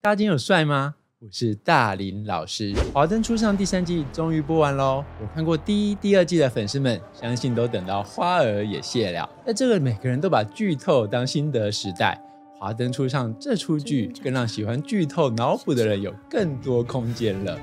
大家今天有帥嗎？我是大林老師。華燈初上第三季終於播完嘍！我看過第一、第二季的粉絲們，相信都等到花兒也謝了。在這個每個人都把劇透當心得時代，《華燈初上》這出劇更讓喜歡劇透腦補的人有更多空間了。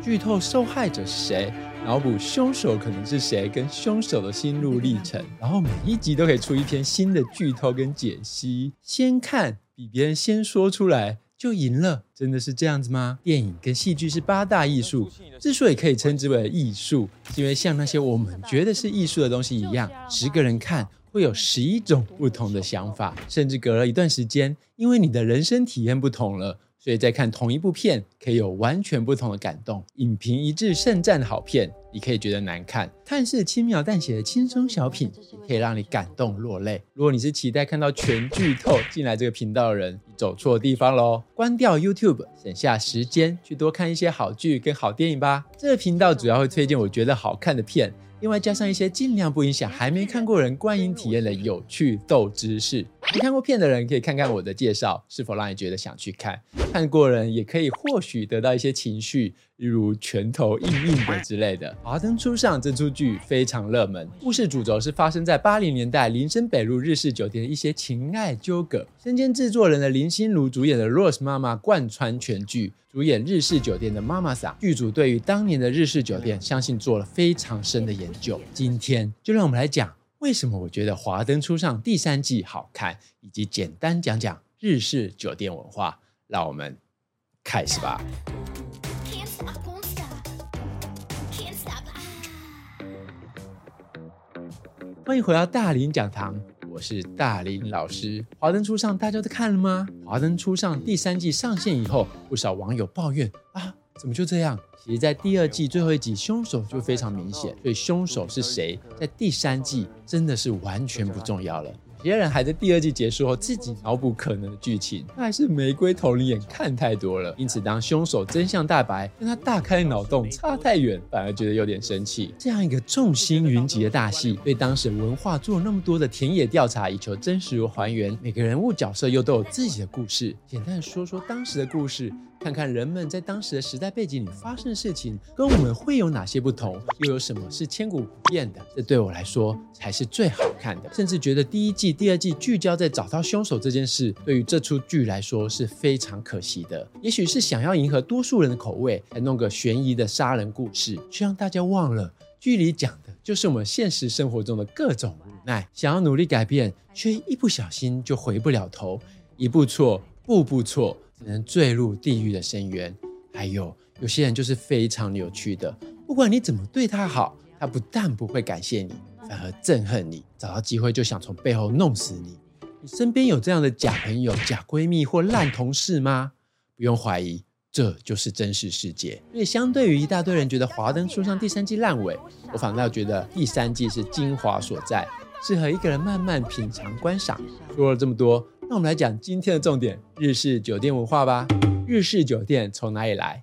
劇透受害者是誰？腦補凶手可能是誰？跟凶手的心路歷程，然後每一集都可以出一篇新的劇透跟解析，先看比別人先說出來。就贏了，真的是這樣子嗎？電影跟戲劇是八大藝術，之所以可以稱之為藝術，是因為像那些我們覺得是藝術的東西一樣，十個人看會有十一種不同的想法，甚至隔了一段時間，因為你的人生體驗不同了。所以在看同一部片，可以有完全不同的感動。影評一致盛讚的好片，你可以覺得難看；探視輕描淡寫的輕鬆小品，可以讓你感動落淚。如果你是期待看到全劇透進來這個頻道的人，你走錯地方嘍！關掉 YouTube，省下時間去多看一些好劇跟好電影吧。這個頻道主要會推薦我覺得好看的片，另外加上一些盡量不影響還沒看過人觀影體驗的有趣逗知識。沒看過片的人可以看看我的介紹，是否讓你覺得想去看？看過人也可以，或許得到一些情緒，例如拳頭硬硬的之類的。華燈初上，這出劇非常熱門。故事主軸是發生在八零年代林森北路日式酒店的一些情愛糾葛。身兼製作人的林心如主演的 Rose 媽媽貫穿全劇，主演日式酒店的媽媽桑。劇組對於當年的日式酒店，相信做了非常深的研究。今天就讓我們來講，為什麼我覺得《華燈初上》第三季好看，以及簡單講講日式酒店文化。讓我們開始吧。歡迎回到大林講堂，我是大林老師。《華燈初上》大家都看了嗎？《華燈初上》第三季上線以後，不少網友抱怨啊，怎麼就這樣？其實，在第二季最後一集，兇手就非常明顯，所以兇手是誰，在第三季真的是完全不重要了。別人還在第二季結束後自己腦補可能的劇情，那還是玫瑰瞳鈴眼看太多了。因此，當兇手真相大白，讓他大開腦洞差太遠，反而覺得有點生氣。這樣一個眾星雲集的大戲，對當時文化做了那麼多的田野調查，以求真實如還原，每個人物角色又都有自己的故事。簡單說說當時的故事。看看人們在當時的時代背景裡發生的事情，跟我們會有哪些不同，又有什麼是千古不變的？這對我來說才是最好看的。甚至覺得第一季、第二季聚焦在找到凶手這件事，對於這出劇來說是非常可惜的。也許是想要迎合多數人的口味，來弄個懸疑的殺人故事，卻讓大家忘了劇裡講的就是我們現實生活中的各種無奈。想要努力改變，卻一不小心就回不了頭，一步錯，步步錯。只能墜入地獄的深淵。還有有些人就是非常扭曲的，不管你怎麼對他好，他不但不會感謝你，反而憎恨你，找到機會就想從背後弄死你。你身邊有這樣的假朋友、假閨蜜或爛同事嗎？不用懷疑，這就是真實世界。因為相對於一大堆人覺得《華燈初上》第三季爛尾，我反倒覺得第三季是精華所在，適合一個人慢慢品嘗觀賞。說了這麼多。那我們來講今天的重點——日式酒店文化吧。日式酒店從哪裡來？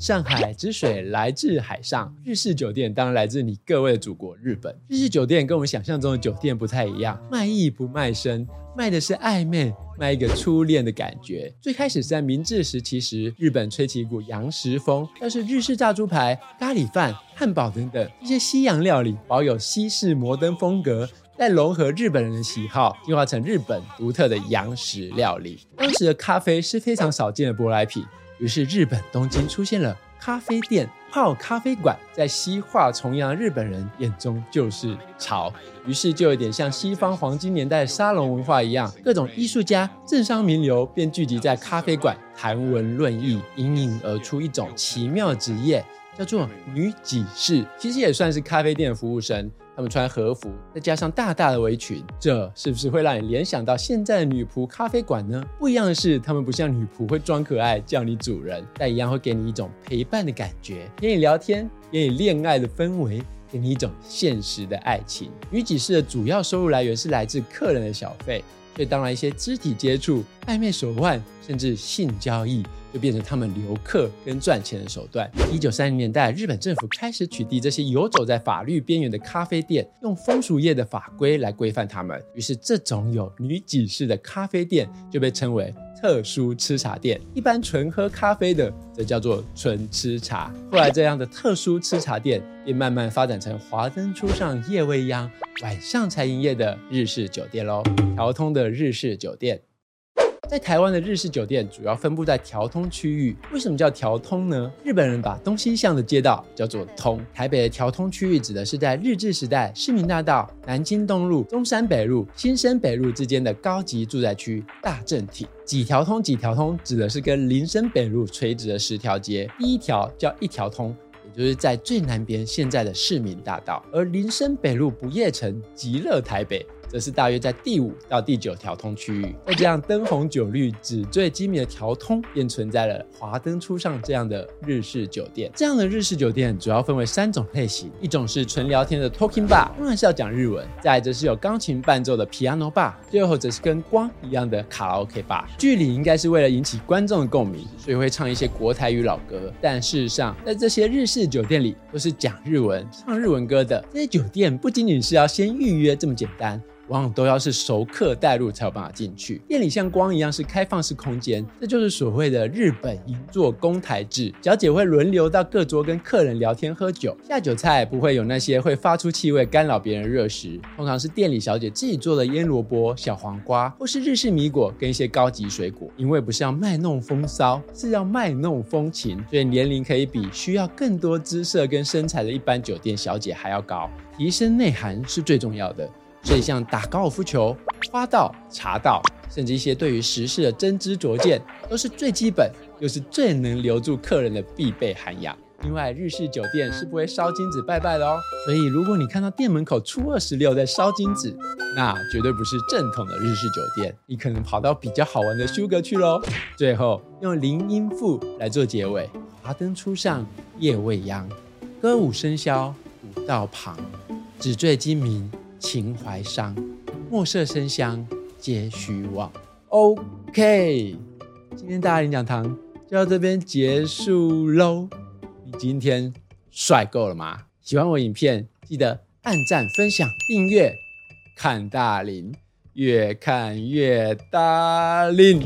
上海之水來自海上，日式酒店當然來自你各位的祖國日本。日式酒店跟我們想象中的酒店不太一樣，賣藝不賣身，賣的是曖昧，賣一個初戀的感覺。最開始是在明治時期時，日本吹起一股洋食風，但是日式炸豬排、咖喱飯、漢堡等等這些西洋料理，保有西式摩登風格，但融合日本人的喜好，進化成日本獨特的洋食料理。當時的咖啡是非常少見的舶來品，於是日本東京出現了咖啡店、泡咖啡館。在西化崇洋日本人眼中，就是潮。於是就有點像西方黃金年代沙龍文化一樣，各種藝術家、政商名流便聚集在咖啡館談文論藝。隱隱而出一種奇妙職業，叫做女給仕，其實也算是咖啡店的服務生。他們穿和服，再加上大大的圍裙，這是不是會讓你聯想到現在的女僕咖啡館呢？不一樣的是，他們不像女僕會裝可愛叫你主人，但一樣會給你一種陪伴的感覺，給你聊天，給你戀愛的氛圍，給你一種現實的愛情。女給仕的主要收入來源是來自客人的小費。所以當然一些肢體接觸、曖昧手腕，甚至性交易，就變成他們留客跟賺錢的手段。一九三零年代，日本政府開始取締這些游走在法律邊緣的咖啡店，用風俗業的法規來規範他們。於是，這種有女技師的咖啡店就被稱為特殊吃茶店，一般純喝咖啡的則叫做純吃茶。後來，這樣的特殊吃茶店便慢慢發展成華燈初上、夜未央，晚上才營業的日式酒店嘍，條通的日式酒店。在台灣的日式酒店主要分佈在條通區域。為什麼叫條通呢？日本人把東西向的街道叫做通。台北的條通區域指的是在日治時代市民大道、南京東路、中山北路、新生北路之間的高級住宅區大正體。幾條通？幾條通？指的是跟林森北路垂直的十條街。第一條叫一條通，也就是在最南邊現在的市民大道，而林森北路不夜城、極樂台北，則是大約在第五到第九條通區域，在這樣燈紅酒綠、紙醉金迷的條通，便存在了華燈初上這樣的日式酒店。這樣的日式酒店主要分為三種類型，一種是純聊天的 Talking Bar，當然是要講日文；再來則是有鋼琴伴奏的 Piano Bar；最後則是跟光一樣的卡拉 OK Bar。劇裡應該是為了引起觀眾的共鳴，所以會唱一些國台語老歌。但事實上，在這些日式酒店裡，都是講日文、唱日文歌的。這些酒店不僅僅是要先預約這麼簡單。往往都要是熟客帶路才有辦法進去。店裡像光一樣是開放式空間，這就是所謂的日本銀座公台制。小姐會輪流到各桌跟客人聊天喝酒，下酒菜不會有那些會發出氣味干擾別人的熱食，通常是店裡小姐自己做的醃蘿蔔、小黃瓜或是日式米果跟一些高級水果。因為不是要賣弄風騷，是要賣弄風情，所以年齡可以比需要更多姿色跟身材的一般酒店小姐還要高，提升內涵是最重要的。所以，像打高爾夫球、花道、茶道，甚至一些對於時事的真知灼見，都是最基本又是最能留住客人的必備涵養。另外，日式酒店是不會燒金紙拜拜的哦。所以，如果你看到店門口初二十六在燒金紙，那絕對不是正統的日式酒店。你可能跑到比較好玩的蘇格去嘍。最後，用《臨音賦》來做結尾：華燈初上，夜未央，歌舞笙簫古道旁，紙醉金迷。情懷殤，墨色生香皆虛妄。OK，今天大林講堂就到這邊結束嘍。你今天帥夠了嗎？喜歡我影片記得按讚、分享、訂閱，看大林，越看越大林。